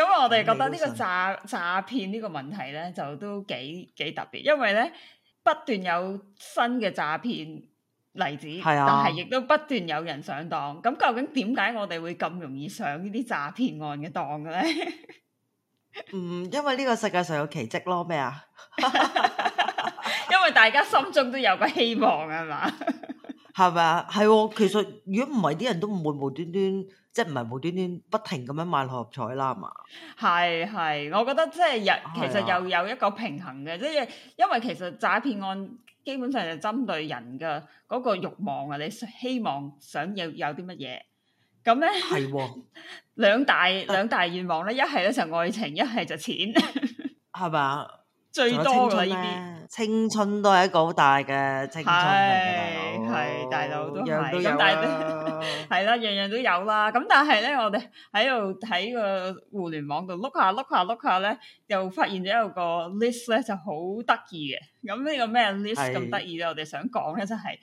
咁我哋覺得呢個詐詐騙呢個問題呢，就都幾幾特別，因為呢不斷有新嘅詐騙例子，啊、但係亦都不斷有人上當。咁究竟點解我哋會咁容易上呢啲詐騙案嘅當嘅呢？ 嗯，因為呢個世界上有奇蹟咯。咩啊？ 因為大家心中都有個希望啊嘛，係咪啊？係、 哦、其實如果唔係啲人都唔會無端端，端。即係唔係無端端不停咁樣買六合彩啦，係嘛？係係，我覺得即係又其實又有一個平衡嘅，即係因為其實詐騙案基本上就針對人嘅嗰個欲望啊，你希望想要有啲乜嘢咁咧？係喎，兩大兩大願望咧，一係咧就愛情，一係就錢，係嘛？最多嘅呢啲青春都係一個好大嘅青春嚟嘅，大佬，係大佬都係咁大。係啦，樣 樣都有啦。咁但係咧，我哋喺度喺個互聯網度碌下碌下碌下咧，又發現咗有個 list 咧就好得意嘅。咁呢個咩 list 咁得意咧？是我哋想講咧，真係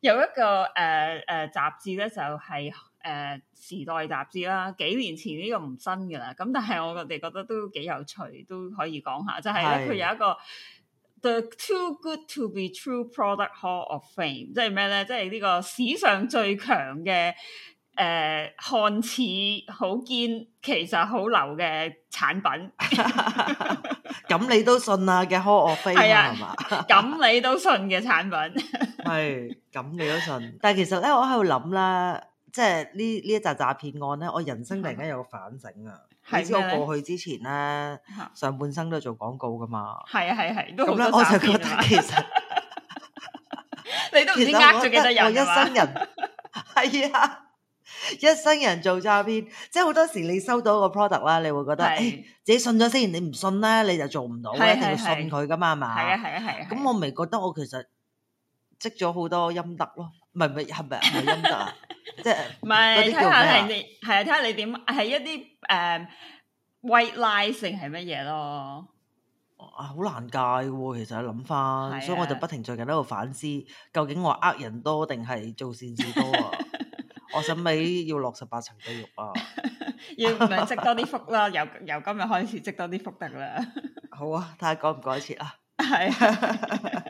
有一個誒誒、呃、雜誌咧，就係、是、誒、呃、時代雜誌啦。幾年前呢個唔新噶啦。咁但係我哋覺得都幾有趣，都可以講下。就係咧，佢有一個。The too good to be true product hall of fame，即係咩咧？即係呢個史上最強嘅誒看似好堅，其實好流嘅產品。咁你都信啊嘅 hall of fame 係啊，係嘛？咁你都信嘅產品係咁你都信，但係其實咧，我喺度諗啦。即係呢呢一紮詐騙案咧，我人生突然間有反省啊！你知我過去之前咧，上半生都做廣告噶嘛？係啊係啊係，咁咧我就覺得其實你都唔知呃咗幾多人啊！係啊，一生人做詐騙，即係好多時你收到個 product 啦，你會覺得誒，自己信咗先，你唔信咧你就做唔到，一定要信佢噶嘛嘛。係啊係啊係，咁我咪覺得我其實積咗好多陰德咯？唔係唔係咪係陰德啊？即係，唔係睇下係你，係啊睇下你點，係一啲誒 white lie 性係乜嘢咯？啊，好難解嘅，其實諗翻，所以我就不停最近喺度反思，究竟我呃人多定係做善事多啊？ 我審尾要落十八層地獄啊！ 要唔係積多啲福啦？由由今日開始積多啲福得啦！ 好啊，睇下改唔改善啊！係、 啊。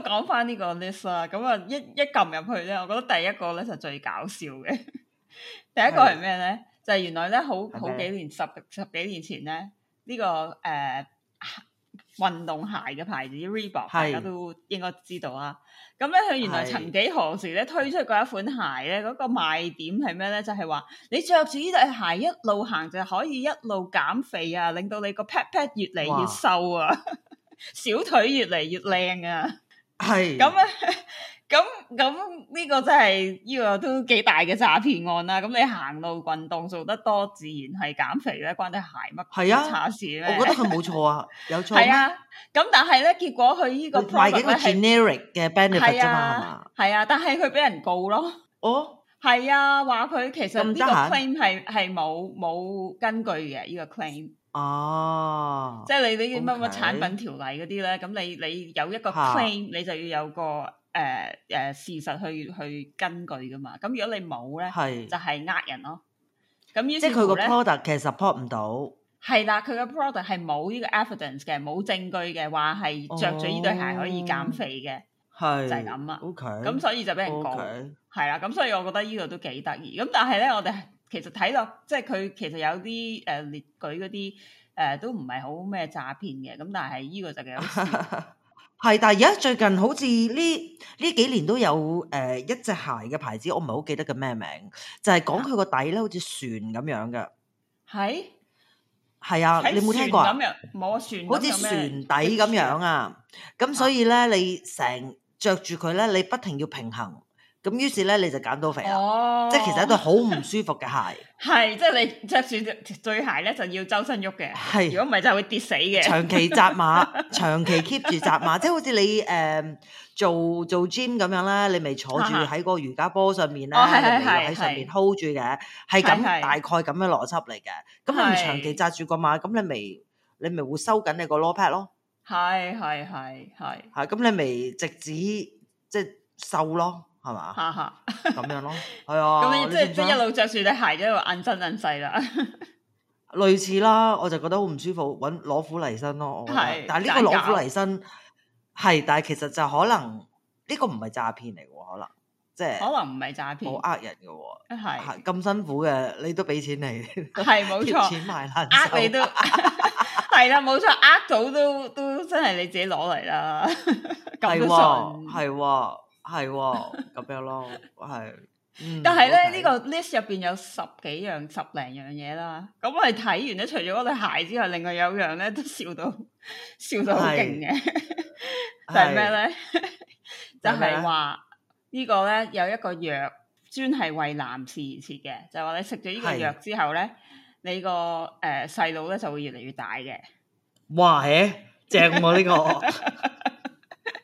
講翻呢個 list 啦，咁啊一一撳入去咧，我覺得第一個咧就最搞笑嘅。 第一個係咩咧？的就係原來咧，好的好幾年十十幾年前咧，呢、這個誒呃、運動鞋嘅牌子 Reebok，是大家都應該知道啊。咁咧佢原來曾幾何時咧推出過一款鞋咧，嗰、那個賣點係咩咧？就係、是、話你着住呢對鞋一路行就可以一路減肥啊，令到你個 pat pat 越嚟越瘦啊，哇 小腿越嚟越靚啊！係咁咧，咁咁呢個真係呢個都幾大嘅詐騙案啦。咁、嗯、你、嗯、行路運動做得多，自然係減肥咧，關啲鞋乜？係啊，查事咩？我覺得佢冇錯啊， 嗯、有錯咩？咁、嗯、但係咧，結果佢呢個 brand 係 generic 嘅 benefit 啫嘛，係啊 benefit、嗯，但係佢俾人告咯。哦，係啊，話佢其實呢個 claim 係係冇冇根據嘅呢、這個 claim。哦，啊、即係你啲乜乜產品條例嗰啲咧，咁 Okay. 你你有一個 claim，啊、你就要有個誒誒、呃呃、事實去去根據噶嘛。咁如果你冇咧，是就係呃人咯。咁於是乎即係佢個 product 其實 support 唔到。係啦，佢個 product 係冇呢個 evidence 嘅，冇證據嘅話係着咗呢對鞋可以減肥嘅，哦、就係咁啊。OK，咁所以就俾人講，係 Okay. 啦。咁所以我覺得呢個都幾得意。咁但係咧，我哋。其實睇落即係佢其實有啲誒、呃、列舉嗰啲誒都唔係好咩詐騙嘅，咁但係依個就幾好笑。係，但係而家最近好似呢呢幾年都有誒一隻鞋嘅牌子，我唔係好記得叫咩名，就係講佢個底咧，好似船咁樣嘅。係係啊，是你冇聽過啊？冇啊，船好似船底咁樣啊！咁的所以咧，你成着住佢咧，你不停要平衡。咁於是咧，你就減到肥啊，即係其實一對好唔舒服嘅鞋。係，即係你著住對鞋咧，就要周身喐嘅。係，如果唔係真係就會跌死嘅。長期紮馬，長期 keep 住紮馬，即係好似你誒做做 gym 咁樣啦。你咪坐住喺個瑜伽波上面咧，喺上面 hold 住嘅。係，咁大概咁嘅邏輯嚟嘅。咁你唔長期紮住個馬，咁你咪你咪會收緊你個 lower pat 咯。係係係係嚇，咁你咪直指即係瘦咯。係嘛？咁樣咯，係啊，咁即係即係一路着住你鞋喺度硬身硬細啦。類似啦，我就覺得好唔舒服，搵攞苦嚟辛咯。係，但係呢個攞苦嚟辛係，但係其實就可能呢個唔係詐騙嚟嘅，可能即係可能唔係詐騙，冇呃人嘅。係，咁辛苦嘅你都俾錢你？係冇錯，錢埋爛，呃你都係啦，冇錯，呃到都都真係你自己攞嚟啦，咁都算，係。係喎，咁樣咯，係。但係咧，呢個 list 入邊有十幾樣、十零樣嘢啦。咁我哋睇完咧，除咗嗰對鞋之外，另外有樣咧都笑到笑到好勁嘅，就係咩咧？就係話呢個咧有一個藥，專係為男士而設嘅，就係、是、話你食咗呢個藥之後咧，是你、這個誒細佬咧就會越嚟越大嘅。哇！誒、欸，正喎呢個。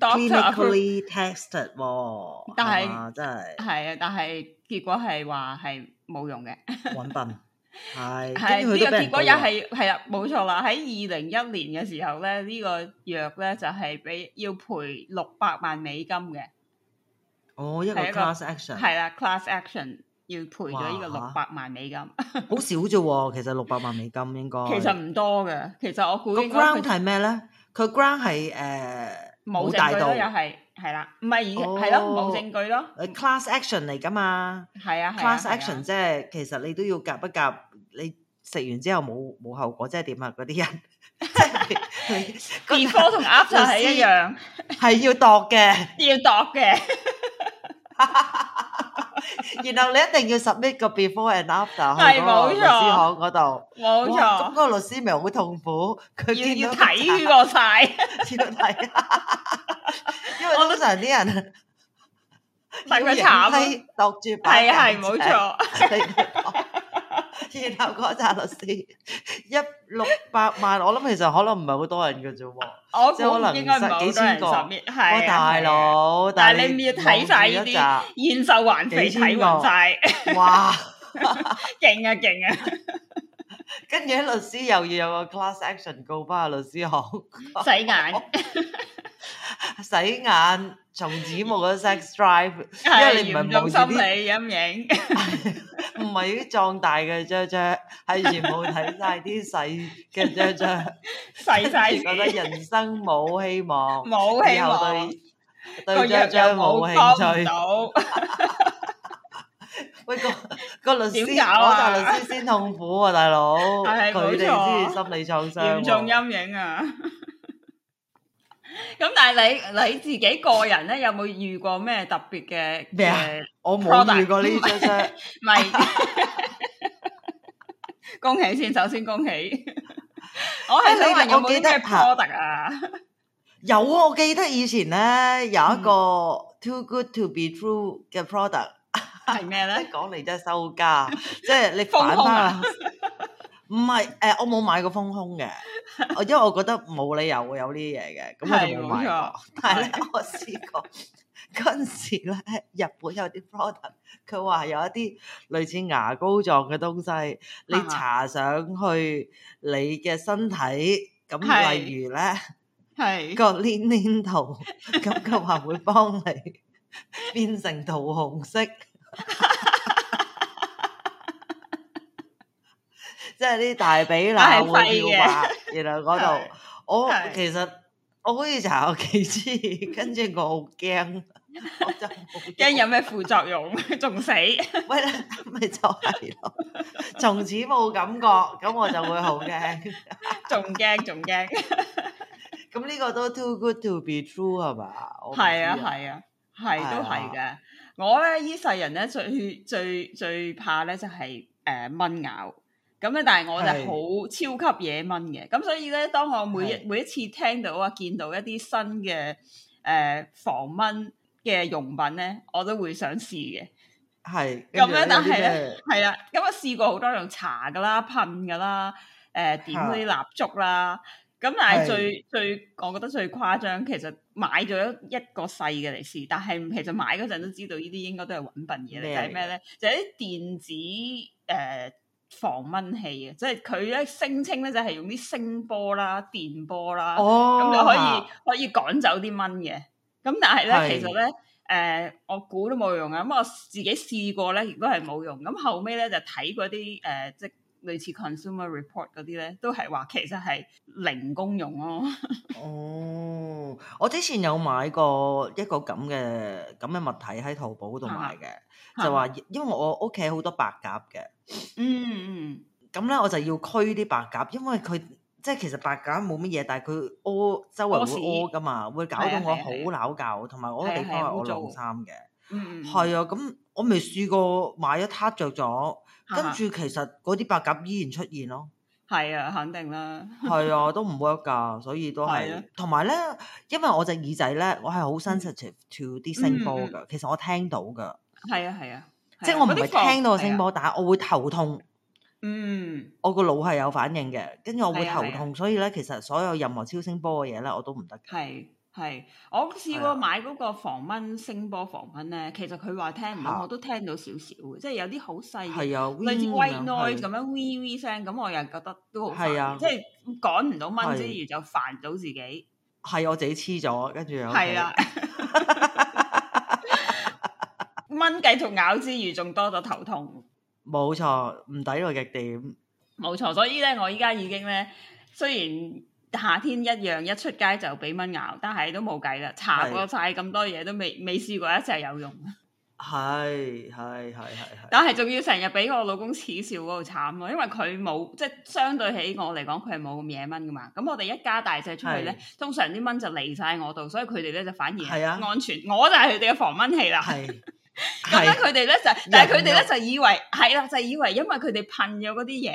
clinically tested，但係係啊，但係結果係話係冇用嘅，揾笨，係係呢個結果，又係係啊，冇錯啦！喺二零一年嘅時候咧，呢個藥咧就係俾要賠六百萬美金嘅。哦，一個 class action 係啦，class action 要賠咗呢個六百萬美金，好少啫喎！其實六百萬美金應該其實唔多嘅，其實我估佢 ground 係咩咧？佢 ground 係誒。冇大到，又係，係啦，唔係而係咯，冇證據咯。class action 嚟㗎嘛？係啊，class action 即係其實你都要夾不夾？你食完之後冇冇後果即係點啊？嗰啲人，before 同 after 就係一樣，係要度嘅，要度嘅。然後你一定要 submit 個 before and after 喺個律師行嗰度，冇錯。咁個律師咪好痛苦，佢要睇過晒，要睇。 因為通常啲人係佢慘，係度住，係係冇錯。 然後嗰紮律師一六百萬，我諗其實可能唔係好多人嘅啫喎， 我猜 即係可能唔係幾千個。係啊，哦、大佬，但係你唔要睇晒呢啲願受還肥睇匀晒，完哇，勁啊勁啊！ 跟住，律師又要有個 class action 告翻個律師行，洗眼，洗眼，從此冇咗 sex drive，因為你唔係冇心理陰影，唔係啲壯大嘅雀雀，係全部睇曬啲細嘅雀雀，細曬，覺得人生冇希望，冇希望，對雀雀冇興趣。喂，哥。個律師啊，嗰個律師先痛苦喎，大佬，佢哋先心理創傷，嚴重陰影啊。咁但係你你自己個人咧，有冇遇過咩特別嘅？咩啊？我冇遇過呢隻嘅。唔係恭喜先，首先恭喜。我係想問有冇啲咩 product 啊？有啊，我記得以前咧有一個 too good to be true 嘅 product。係咩咧？講嚟，真係收家，即係你反翻。唔係，誒，我冇買過豐胸嘅，因為我覺得冇理由會有呢啲嘢嘅，咁我冇買過。但係咧，我試過嗰陣時咧，日本有啲 product，佢話有一啲類似牙膏狀嘅東西，你搽上去你嘅身體，咁例如咧，係個黏黏度，咁佢話會幫你變成桃紅色。 即係啲大髀腩會漂白，原來嗰度 是我其實的我好似查我幾次，跟住我好驚，我就驚有咩副作用，仲 死，咪咪就係、是、咯，從此冇感覺，咁我就會好驚，仲驚仲驚，咁呢 個都 too good to be true 係嘛？係啊係啊，係、啊、都係嘅。 我呢呢世人呢最最最怕呢就係、是、誒、呃、蚊咬咁呢，但係我就好的超級惹蚊嘅，咁所以呢當我每一的每一次聽到啊見到一啲新嘅誒、呃、防蚊嘅用品呢，我都會想試嘅。係咁樣，但係呢係啦，咁、就是、我試過好多樣茶㗎啦，噴㗎啦，誒、呃、點嗰啲蠟燭啦。咁但係最是最，我覺得最誇張，其實買咗一個細嘅嚟試，但係其實買嗰陣都知道該都麼呢啲應該都係揾笨嘢嚟。就係咩咧？就係啲電子誒、呃、防蚊器啊，即係佢咧聲稱咧就係、是、用啲聲波啦、電波啦，咁、哦、就可以可以趕走啲蚊嘅。咁但係咧，是其實咧，誒、呃，我估都冇用啊。咁我自己試過咧，亦都係冇用。咁後尾咧就睇嗰啲誒，即類似 consumer report 嗰啲咧，都係話其實係零功用咯、哦。哦，我之前有買過一個咁嘅咁嘅物體喺淘寶度買嘅，就話因為我屋企好多白鴿嘅、嗯，嗯嗯，咁咧我就要驅啲白鴿，因為佢即係其實白鴿冇乜嘢，但係佢屙周圍會屙噶嘛，時會搞到我好嬲㗎，同埋、啊、你我嘅地方係晾衫嘅，嗯，係、嗯、啊，咁我未試過買一攤著咗。跟住，其實嗰啲白鴿依然出現咯。係啊，肯定啦。係 啊，都唔 work 噶，所以都係。同埋咧，因為我隻耳仔咧，我係好 sensitive to 啲聲波噶。嗯、其實我聽到噶。係啊係啊，啊啊即係我唔會聽到聲波，啊啊、但係我會頭痛。嗯、啊。我個腦係有反應嘅，跟住我會頭痛，啊啊、所以咧，其實所有任何超聲波嘅嘢咧，我都唔得。係、啊。係，我試過買嗰個防蚊聲波防蚊咧，其實佢話聽唔到，我都聽到少少，即係有啲好細嘅，的類似蟬內咁樣 viv 聲，咁的我又覺得都好煩，的即係趕唔到蚊之餘的就煩到自己。係我自己黐咗，跟住又係啦。是的 蚊繼續咬之餘，仲多咗頭痛。冇錯，唔抵到極點。冇錯，所以咧，我依家已經咧，雖然。夏天一樣一出街就俾蚊咬，但係都冇計啦。搽過晒咁多嘢，都未未試過一隻有用。係係係係係，但係仲要成日俾我老公恥笑嗰度慘咯，因為佢冇即係相對起我嚟講，佢係冇咁惹蚊噶嘛。咁我哋一家大隻出去咧，是通常啲蚊就嚟晒我度，所以佢哋咧就反而安全。啊、我就係佢哋嘅防蚊器啦。咁樣佢哋咧就， 但係佢哋咧就以為係啦，就以為因為佢哋噴咗嗰啲嘢。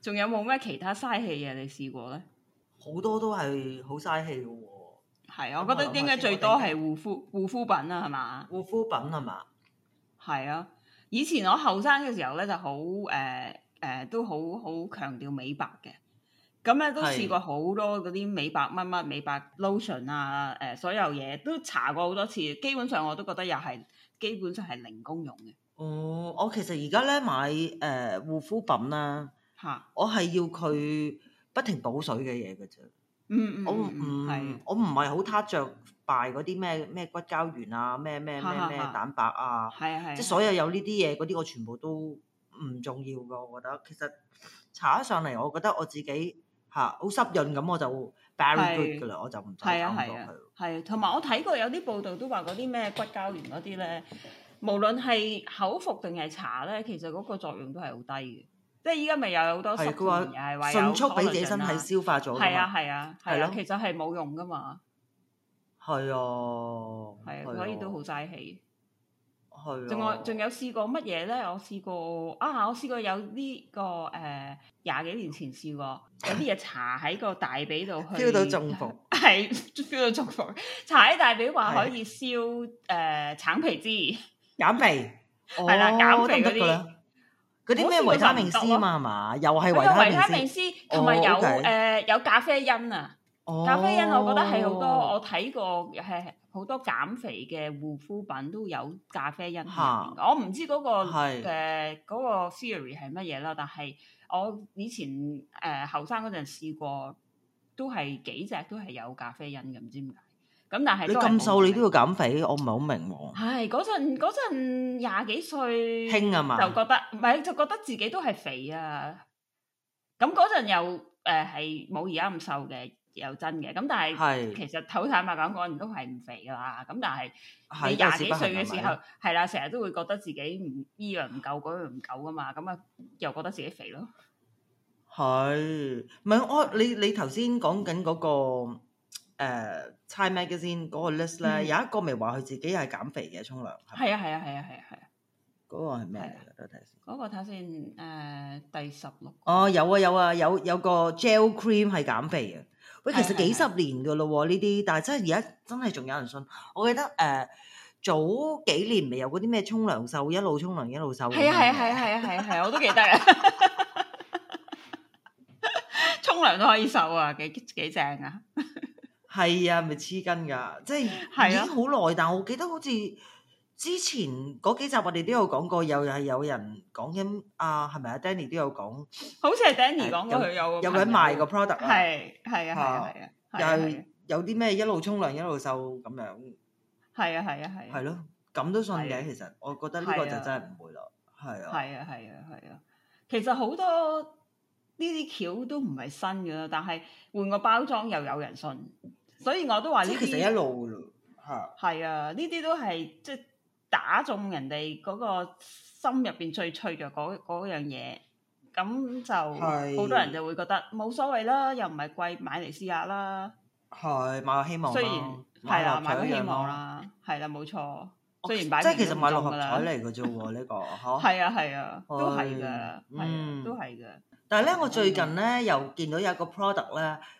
仲有冇咩其他嘥氣嘢你試過咧？好多都係好嘥氣嘅喎。係啊，我覺得應該最多係護膚護膚品啊，係嘛？護膚品係嘛？係啊，以前我後生嘅時候咧，就好誒誒，都好好強調美白嘅。咁咧都試過好多嗰啲美白乜乜美白 lotion 啊，誒、呃、所有嘢都搽過好多次，基本上我都覺得又係基本上係零功用嘅。哦，我其實而家咧買誒、呃、護膚品啦。我係要佢不停補水嘅嘢嘅啫，嗯嗯，的我唔我唔係好他著拜嗰啲咩咩骨膠原啊，咩咩咩咩蛋白啊，係啊係，即係所有有呢啲嘢嗰啲，我全部都唔重要噶。我覺得其實搽咗上嚟，我覺得我自己嚇好濕潤咁，我就 very good 噶啦，的我就唔再諗佢。啊，係啊，同埋我睇過有啲報道都話嗰啲咩骨膠原嗰啲咧，無論係口服定係搽咧，其實嗰個作用都係好低嘅。即係依家咪有好多食物，迅速俾自己身體消化咗。係啊係啊，係啊，其實係冇用噶嘛。係啊，係啊，所以都好嘥氣。係。仲我仲有試過乜嘢咧？我試過啊！我試過有呢個誒廿幾年前試過有啲嘢搽喺個大髀度去 feel 到中伏，係 feel 到中伏。搽喺大髀話可以燒誒橙皮脂減肥，係啦減肥嗰啲。嗰啲咩維他命 C 嘛，係嘛？又係，啊、維他命 C，同埋有誒有咖啡因啊！咖啡因我覺得係好多，oh。我睇過係好多減肥嘅護膚品都有咖啡因。哈我唔知嗰，嗰個誒嗰個 theory 係乜嘢啦，但係我以前誒後生嗰陣試過，都係幾隻都係有咖啡因嘅，唔知點解？咁但係你咁瘦，你都要減肥，我唔係好明喎。係嗰陣嗰陣廿幾歲，輕啊嘛，就覺得唔係就覺得自己都係肥啊。咁嗰陣又誒係冇而家咁瘦嘅，又真嘅。咁但係其實坦是坦白講講，都係唔肥㗎喇。咁但係你廿幾歲嘅時候，係啦，成日都會覺得自己唔依樣唔夠，嗰樣唔夠㗎嘛。咁啊，又覺得自己肥咯。係唔係我你你頭先講緊嗰個？誒《Time Magazine》嗰個 list 咧，有一個咪話佢自己係減肥嘅沖涼。係啊係啊係啊係啊係啊！嗰個係咩啊？得睇先。嗰個睇先，誒第十六。哦，有啊有啊有，有個 gel cream 係減肥啊！喂，其實幾十年嘅咯喎呢啲，但係真係而家真係仲有人信。我記得誒早幾年咪有嗰啲咩沖涼瘦，一路沖涼一路瘦。係啊係啊係啊係啊係啊！我都記得啊！沖涼都可以瘦啊，幾幾正啊！係多語言啊，咪黐筋㗎，即係已經好耐。但我記得好似之前嗰幾集我哋都有講過，又係有人講緊啊，係咪啊 Danny 都有講，好似係 Danny 講過佢有有人賣個 product 啊，係係啊係啊係啊，啊，啊，啊，又係有啲咩一路沖涼一路瘦咁樣，係啊係啊係啊，係咯咁都信嘅。啊、其實我覺得呢個就真係唔會咯，係啊，係啊係啊係啊。其實好多呢啲橋都唔係新㗎，但係換個包裝又有人信。所以我都話呢啲，其實一路咯，係。係啊，呢啲都係即係打中人哋嗰個心入邊最脆弱嗰嗰樣嘢，咁就好多人就會覺得冇所謂啦，又唔係貴，買嚟試下啦。係買個希望啦，係啦，買個希望啦，係啦，冇錯。雖然買即係其實買六合彩嚟嘅啫喎，呢個，係啊，係啊，都係嘅，嗯，都係嘅。但係咧，我最近咧又見到有一個 product 咧。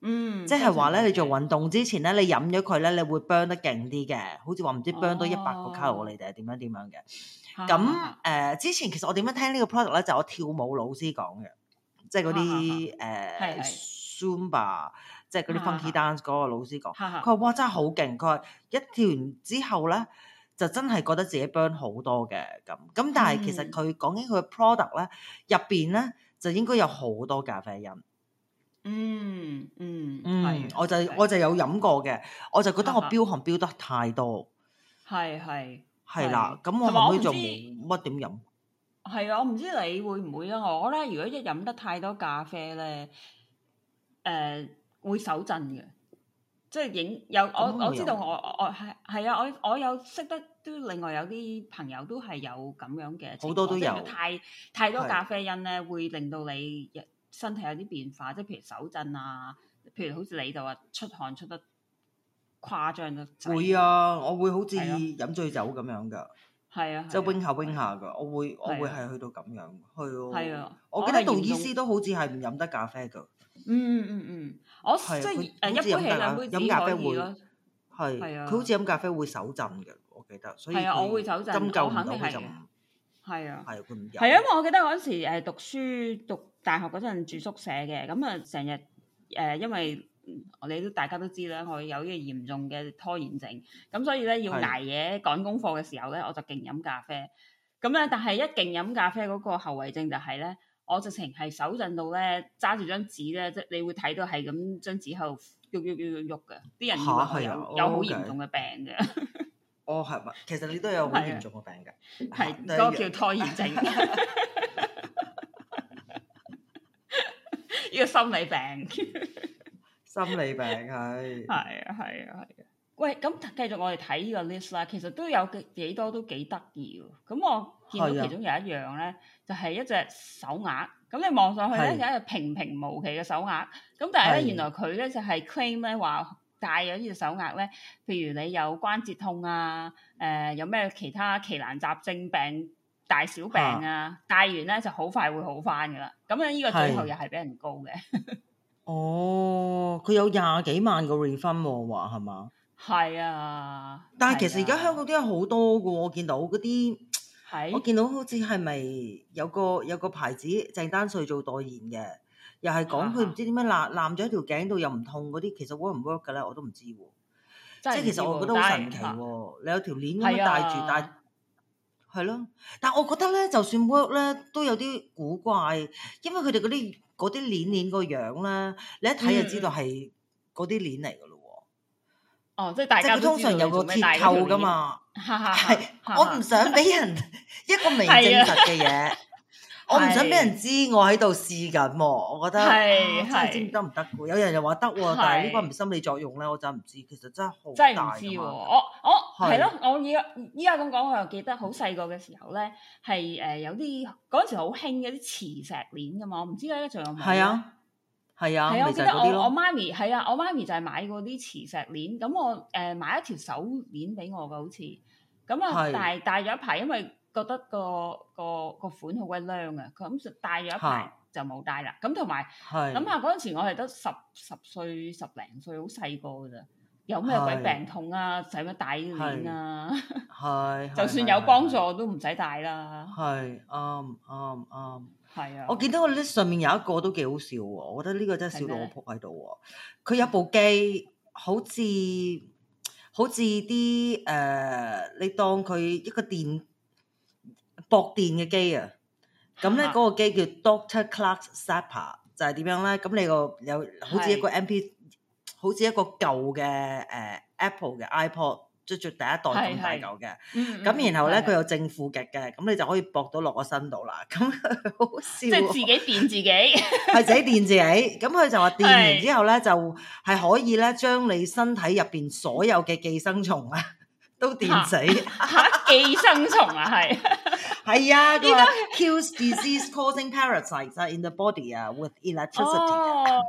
嗯，即係話咧，你做運動之前咧，嗯、你飲咗佢咧，嗯、你會 burn 得勁啲嘅，好似話唔知 burn 多一百個卡路里定係點樣點樣嘅。咁誒、啊呃、之前其實我點樣聽呢個 product 咧，就是、我跳舞老師講嘅，就是、即係啲誒，係 Zumba，即係啲 funky dance 嗰個老師講，佢話、啊啊、哇真係好勁，佢話一跳完之後咧，就真係覺得自己 burn 好多嘅咁。咁但係其實佢講緊佢 product 咧入邊咧，就應該有好多咖啡因。嗯嗯嗯，嗯嗯是我就是我就有飲過嘅，我就覺得我飆汗飆得太多，係係係啦。咁的的我唔可以做乜點飲。係啊，我唔知你會唔會啊？我咧如果一飲得太多咖啡咧，誒、呃、會手震嘅，即係影有我有我知道我我係係啊！我我，我，我有識得都另外有啲朋友都係有咁樣嘅，好多都有。太太多咖啡因咧會令到你身體有啲變化，即係譬如手震啊，譬如好似你就話出汗出得誇張咗。會啊，我會好似飲醉酒咁樣噶，即係 wing 下 wing 下噶，我會我會係去到咁樣，去。係啊，我記得杜醫師都好似係唔飲得咖啡噶。嗯嗯嗯，我即係誒一杯起，兩杯只可以。係，佢好似飲咖啡會手震嘅，我記得。所以我會手震，我肯定係。係啊，係佢唔入。係啊，因為我記得嗰陣時誒讀書讀大學嗰陣住宿舍嘅，咁啊成日誒，因為我哋都大家都知啦，我有呢個嚴重嘅拖延症，咁所以咧要捱夜趕功課嘅時候咧，我就勁飲咖啡。咁咧，但係一勁飲咖啡嗰個後遺症就係、是、咧，我直情係手震到咧，揸住張紙咧，即係你會睇到係咁張紙喺度喐喐喐喐喐嘅，啲、啊、人以為有、啊、有好嚴重嘅病嘅。啊 哦，係咪？其實你都有好嚴重嘅病㗎，係嗰個叫拖延症，呢個 心理病， 心理病係，係啊係啊係啊。喂，咁繼續我哋睇呢個 list 啦，其實都有幾多都幾得意喎。咁我見到其中有一樣咧，的就係一隻手鐲。咁你望上去咧，有一隻平平無奇嘅手鐲。咁但係咧的，原來佢咧就係 claim 咧話。帶咗呢隻手鈪咧，譬如你有關節痛啊，誒、呃、有咩其他奇難雜症病、大小病啊，啊帶完咧就好快會好返㗎喇。咁樣呢個最後又係俾人告嘅。 哦，佢有廿幾萬個 refin 喎，話係嘛？係啊，啊啊但係其實而家香港都有好多嘅，我見到嗰啲，啊、我見到好似係咪有個有個牌子鄭丹瑞做代言嘅。又係講佢唔知點樣攬攬住喺條頸度又唔痛嗰啲，其實 work 唔 work 噶咧？我都唔知喎。即係其實我覺得好神奇喎！大大你有條鏈咁樣戴住，啊啊，但係係咯。但係我覺得咧，就算 work 咧，都有啲古怪，因為佢哋嗰啲嗰啲鏈鏈個樣咧，你一睇就知道係嗰啲鏈嚟噶咯。哦，即、就、係、是、大佢通，通常有個鐵扣噶嘛？係 我唔想俾人一個未證實嘅嘢。 我唔想俾人知我喺度試緊喎，我覺得、啊、真係唔知得唔得嘅。是有人又話得喎，是但係呢個唔係心理作用咧，我就唔知。其實真係好真係唔知喎，我我係咯，我依依家咁講，我又記得好細個嘅時候咧，係誒有啲嗰陣時好興嗰啲磁石鏈嘅嘛，我唔知咧仲有冇。係啊，係啊，我記得我我我、啊、我媽咪係啊，我媽咪就係買嗰啲磁石鏈，咁我誒買一條手鏈俾我嘅好似，咁啊戴戴咗一排，因為，覺得個個個款好鬼靚啊！佢咁就戴咗一排就冇戴啦。咁同埋諗下嗰陣時，我係得十十歲十零歲，好細個噶咋，有咩鬼病痛啊？使乜使戴呢啲啊？係，就算有幫助都唔使戴啦。係啱啱啱，係啊！我見到個 list 上面有一個都幾好笑喎，我覺得呢個真係笑到我撲喺度喎。佢有部機，好似好似啲誒，你當佢一個電。駁電嘅機啊，咁咧嗰個機叫 Doctor Clark Zapper，就係點樣咧？咁你個有好似一個 MP，是好似一個舊嘅誒 Apple 嘅 iPod，即係第一代咁大舊嘅。咁是然後咧佢有正負極嘅，咁你就可以駁到落個身度啦。咁 好笑，哦，即係自己電自己，係 自己電自己。咁佢就話電完之後咧，是就係可以咧將你身體入邊所有嘅寄生蟲啊，都電死。吓，啊，寄生蟲啊，係。 係啊！依家在 cures disease-causing parasites 啊，in the body 啊，with electricity。哦、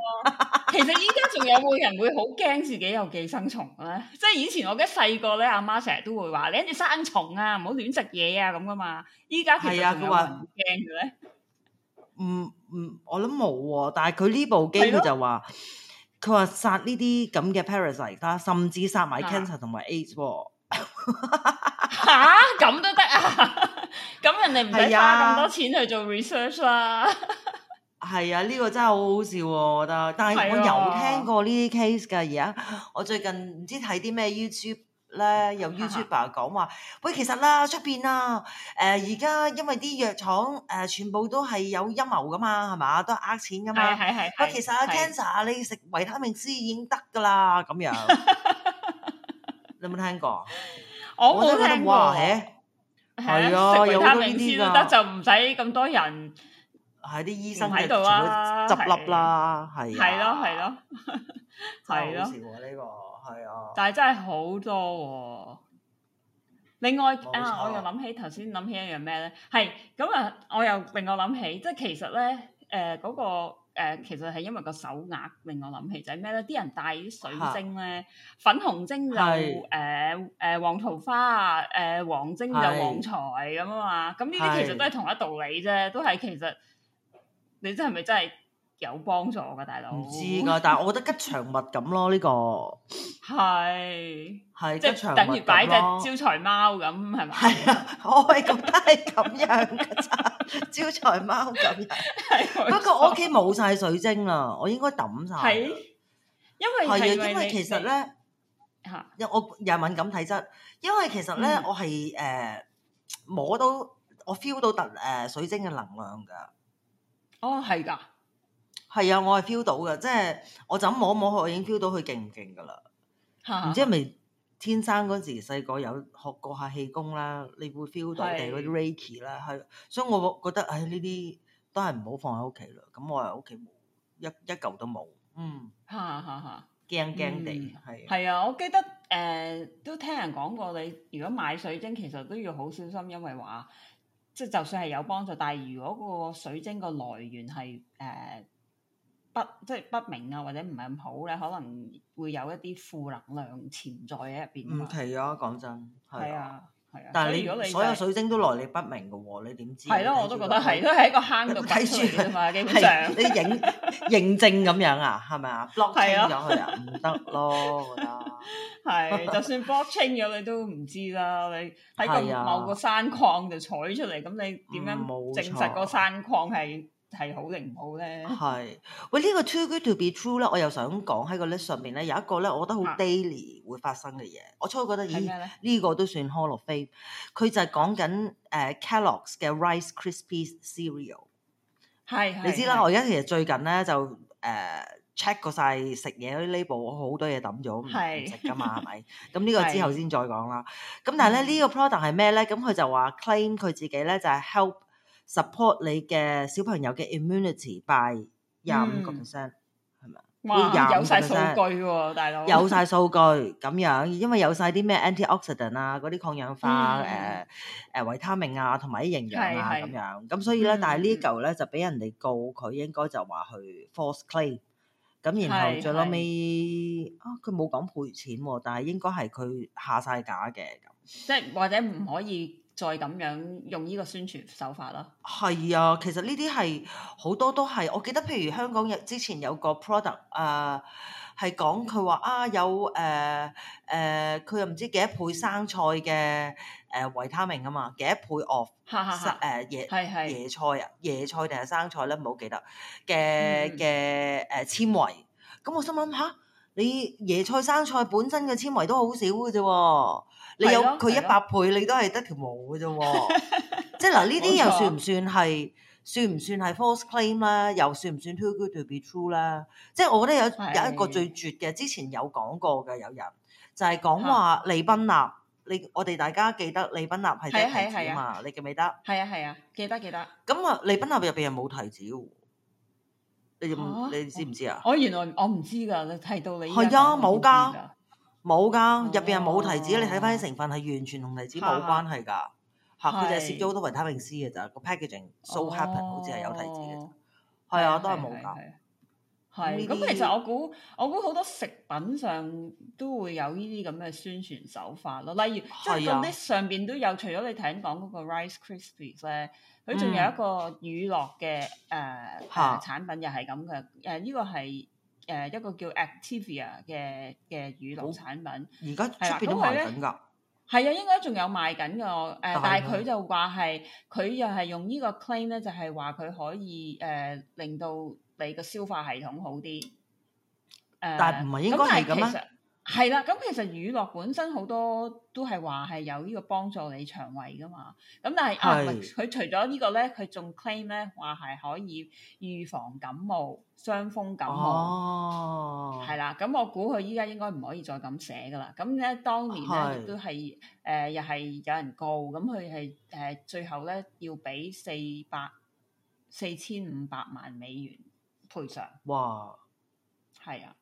其實依家仲有冇人會好驚自己有寄生蟲咧？ 即係以前我記得細個咧，阿媽成日都會話：你跟住生蟲啊，唔好亂食嘢啊，咁噶嘛。依家其實係啊，佢話驚嘅咧。唔唔，我諗冇喎。但係佢呢部機，佢就話：佢話殺呢啲咁嘅 parasites 啦，甚至殺埋 cancer 同埋 AIDS。吓？咁都得啊？咁人哋唔使花咁多錢去做 research 啦。係啊，呢、 啊，這個真係好好笑，啊，我覺得。但係我有聽過呢啲 case 噶而家，我最近唔知睇啲咩 YouTube 咧，有 YouTuber 講話，是啊、喂，其實啦，出邊啊，誒、呃，而家因為啲藥廠誒，全部都係有陰謀噶嘛，係嘛，都係呃錢噶嘛。係係喂，其實阿、啊、是是 Cancer，你食維他命 C 已經得噶啦，咁樣。 你有冇聽過？我覺得，哇。係啊，食維他命先都得，就唔使咁多人喺啲醫生喺度啊，執笠啦，係。係咯，係咯，係咯。呢個係啊。但係真係好多喎，啊。另外錯啊，我又諗起頭先諗起一樣咩咧？係咁啊，我又令我諗起，即係其實咧，誒、呃、嗰、嗰個。誒，其實係因為個手鈪令我諗起就係咩咧？啲人戴啲水晶咧，啊、粉紅晶就誒誒是、呃呃、旺桃花啊，誒、呃、黃晶就旺財咁啊是 嘛。咁呢啲其實都係同一道理啫，都係其實你是是真係咪真係有幫助噶、啊、大佬？唔知㗎、啊，但係我覺得吉祥物咁咯，呢、這個係係即係等於擺隻招財貓咁，係咪吧？係啊，我係覺得係咁樣㗎。 招財貓咁樣 是， 不過我屋企冇晒水晶啊，我應該抌晒。係，因為係啊嗎，因為其實咧吓，我又敏感體質，因為其實咧我係誒摸到，我 feel 到特誒水晶嘅能量噶。哦，係噶，係啊，我係 feel 到噶，即係我就咁摸摸我已經 feel 到佢勁唔勁噶啦，唔知係咪。天生嗰時細個有學過下氣功啦，你會 feel 到哋嗰啲 reiki 啦，係是，所以我覺得唉呢啲都係唔好放喺屋企咯。咁我喺屋企冇一一嚿都冇，嗯，嚇嚇嚇，驚驚地，係係啊！我記得誒、呃、都聽人講過你，你如果買水晶其實都要好小心，因為話即係就算係有幫助，但係如果個水晶個來源係誒。呃不即係不明啊，或者唔係咁好咧，可能會有一啲負能量潛在喺入邊。唔奇啊，講真，係啊，係啊。但係如果你所有水晶都來歷不明嘅喎，你點知？係咯，我都覺得係，都喺一個坑度睇住佢嘛，基本上你認認證咁樣啊，係咪啊？block 清咗佢啊，唔得咯。我覺得係，就算 block 清咗，你都唔知啦。你喺個某個山礦就採出嚟，咁你點樣證實個山礦係？係好定唔好咧？係喂，呢、這個 too good to be true 咧，我又想講喺個 list 上面咧，有一個咧，我覺得好 daily 會發生嘅嘢。啊、我初覺得咦，呢、這個都算 Hall of Fame，佢就係講緊誒、uh, Kellogg's 嘅 rice crispy cereal。係，你知啦，我而家其實最近咧就誒、uh, check 過晒食嘢啲 label，我好多嘢抌咗唔食㗎嘛，係咪？ 咁呢個之後先再講啦。咁但係咧呢、這個 product 係咩咧？咁佢就話 claim 佢自己咧就係、是、help。support 你嘅小朋友嘅 immunity by 廿五個 percent，係咪啊？有晒數據喎、哦，大佬有晒數據咁樣，因為有晒啲咩 antioxidant 啊，嗰啲抗氧化誒誒、嗯啊啊、維他命啊，同埋啲營養啊咁是樣。咁是、嗯、所以咧，但係呢嚿咧就俾人哋告佢，應該就話佢 false claim。咁然後最後尾啊，佢冇講賠錢喎、啊，但係應該係佢下晒架嘅。即係或者唔可以。再咁樣用呢個宣傳手法咯，係啊，其實呢啲係好多都係我記得，譬如香港有之前有個 product、呃、說說啊，係講佢話啊有誒誒，佢、呃呃、又唔知幾多倍生菜嘅誒、呃、維他命啊嘛，幾多倍 of 誒椰椰菜啊，椰菜定係生菜咧唔好記得嘅嘅誒纖維，咁我心想問下。你椰菜生菜本身嘅纖維都好少嘅啫，你有佢一百倍，你都係得條毛嘅啫。 即係嗱，呢啲又算唔算係 算唔算係 false claim 啦？又算唔算 too good to be true 啦？即係我覺得有有一個最絕嘅，的之前有講過嘅有人就係講話利賓納，的你我哋大家記得利賓納係得提子嘛？你記唔記得？係啊係啊，記得記得。咁啊，利賓納入邊又冇提子。你你知唔知啊？我原來我唔知噶，你睇到，你係啊，冇噶，冇噶，入邊係冇提子，你睇翻啲成分係完全同提子冇關係㗎嚇，佢就係攝咗好多維他命 C 嘅咋，個 packaging so happen 好似係有提子嘅咋。係啊，都係冇㗎。係，咁、嗯、其實我估，我估好多食品上都會有呢啲咁嘅宣傳手法咯。例如，即係啲上邊都有，除咗你頭先講嗰個 Rice Krispies 咧，佢仲有一個乳酪嘅誒、呃嗯、產品，又係咁嘅。誒、這、呢個係誒、呃、一個叫 Activia 嘅嘅乳酪產品。而家出邊都賣緊㗎。係啊，應該仲有賣緊㗎。誒、呃，概但係佢就話係，佢又係用呢個 claim 咧，就係話佢可以誒、呃、令到。你個消化系統好啲，誒、呃，但唔係應該係咁啊？係啦，咁其實乳酪本身好多都係話係有呢個幫助你腸胃噶嘛。咁但係的啊，佢除咗呢個咧，佢仲 claim 咧話係可以預防感冒、傷風感冒，哦，係啦。咁我估佢依家應該唔可以再咁寫噶啦。咁咧，當年咧的亦都係誒、呃，又係有人告咁，佢係誒最後咧要俾四百四千五百萬美元。賠償？哇，係啊，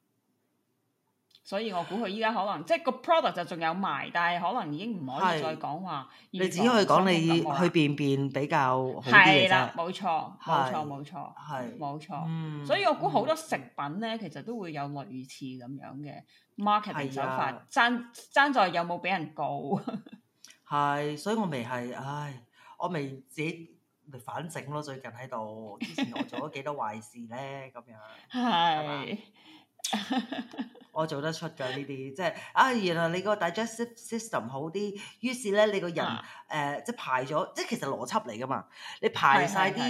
所以我估佢依家可能即係個 product 就仲有埋，但係可能已經唔可以再講話。你只可以講你去便便比較好啲。係啦，冇錯，冇錯，冇錯，係，冇錯。嗯，所以我估好多食品咧，其實都會有類似咁樣嘅 marketing 手法，爭爭在有冇俾人告。係，所以我未係，唉，我未接。咪反省咯，最近喺度。之前我做咗幾多壞事咧，咁樣。係。我做得出㗎呢啲，即係啊，原來你個 digestive system 好啲，於是咧你個人誒即係排咗，即係其實邏輯嚟噶嘛。你排晒啲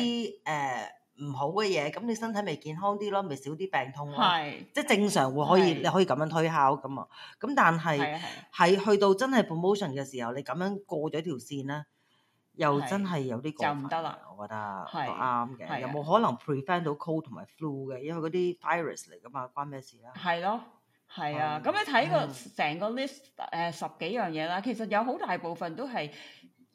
誒唔好嘅嘢，咁你身體咪健康啲咯，咪少啲病痛咯、啊。係。是是即係正常會可以是是你可以咁樣推敲咁嘛。咁但係係是去到真係 promotion 嘅時候，你咁樣過咗條線啦。又真係有啲唔得啦，我覺得啱嘅。有冇可能 prevent 到 cold 同埋 flu 嘅？因為嗰啲 virus 嚟㗎嘛，關咩事啊？係咯，係啊。咁、嗯、你睇個成個 list，誒、呃、十幾樣嘢啦。其實有好大部分都係誒、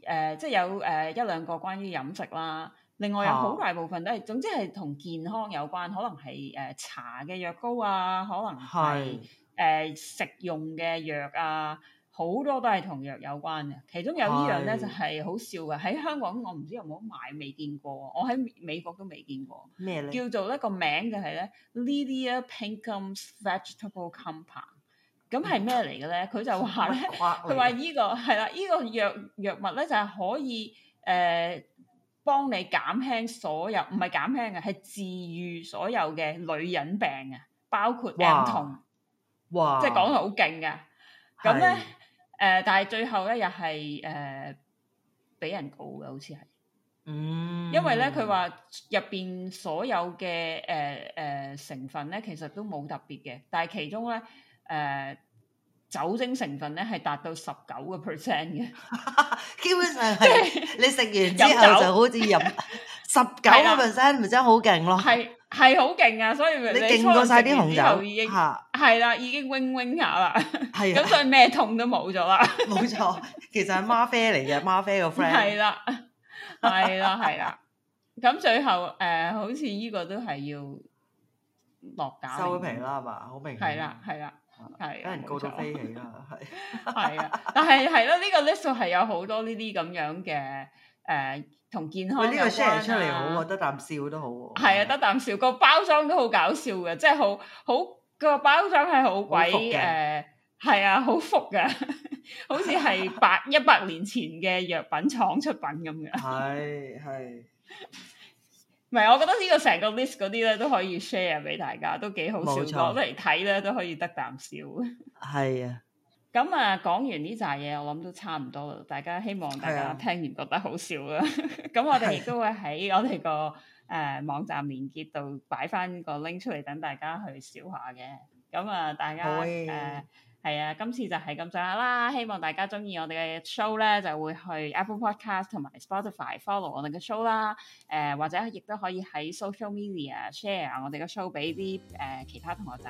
呃，即係有誒一兩個關於飲食啦。另外有好大部分都係，啊、總之係同健康有關。可能係誒、呃、搽嘅藥膏啊，可能係誒的、呃、食用嘅藥啊。好多都係同藥有關嘅，其中有依樣咧就係好笑嘅。喺香港我唔知有冇賣，未見過。我喺美國都未見過。咩叫做一個名嘅係咧？Lydia Pinkham’s Vegetable Compound。咁係咩嚟嘅咧？佢就話咧，佢話依個係啦，依個藥藥物咧就係可以誒幫你減輕所有，唔係減輕嘅係治癒所有嘅女人病呀，包括病痛。哇！即係講得好勁嘅。咁咧？誒、呃，但係最後咧又係誒俾人告嘅，好似係，嗯，因為咧佢話入邊所有嘅誒誒成分咧，其實都冇特別嘅，但係其中咧誒、呃、酒精成分咧係達到十九個 percent 嘅， 基本上係你食完之後就好似飲。 喝酒笑十九個 percent，咪真係好勁咯！係係好勁啊！所以你你初入市點之後已經係啦，已經 wing wing 下啦，係啊，咁所以咩痛都冇咗啦。冇錯，其實係嗎啡嚟嘅，嗎啡個 friend。係啦，係啦，係啦。咁最後誒，好似呢個都係要落架收皮啦，係嘛？好明顯。係啦，係啦，係。畀人告到飛起啦，係係啊！但係係咯，呢個 list 咧係有好多呢啲咁樣嘅。誒同健康，喂，呢個 share 出嚟好喎，得啖笑都好喎。係啊，得啖笑個包裝都好搞笑嘅，即係好好個包裝係好鬼誒，係啊，好服嘅，好似係百一百年前嘅藥品廠出品咁嘅。係係。唔係，我覺得呢個成個 list 嗰啲咧都可以 share 俾大家，都幾好笑，攞嚟睇咧都可以得啖笑。係啊。咁啊，講完呢扎嘢，我諗都差唔多啦。大家希望大家聽完覺得好笑啦。咁是、啊、 我哋亦都會喺我哋個誒網站連結度擺翻個 link 出嚟，等大家去笑下嘅。咁啊，大家誒係是啊、呃、啊，今次就係咁上下啦。希望大家中意我哋嘅 show 咧，就會去 Apple Podcast 同埋 Spotify follow 我哋嘅 show 啦。誒、呃、或者亦都可以喺 social media share 我哋嘅 show 俾啲誒其他同學仔。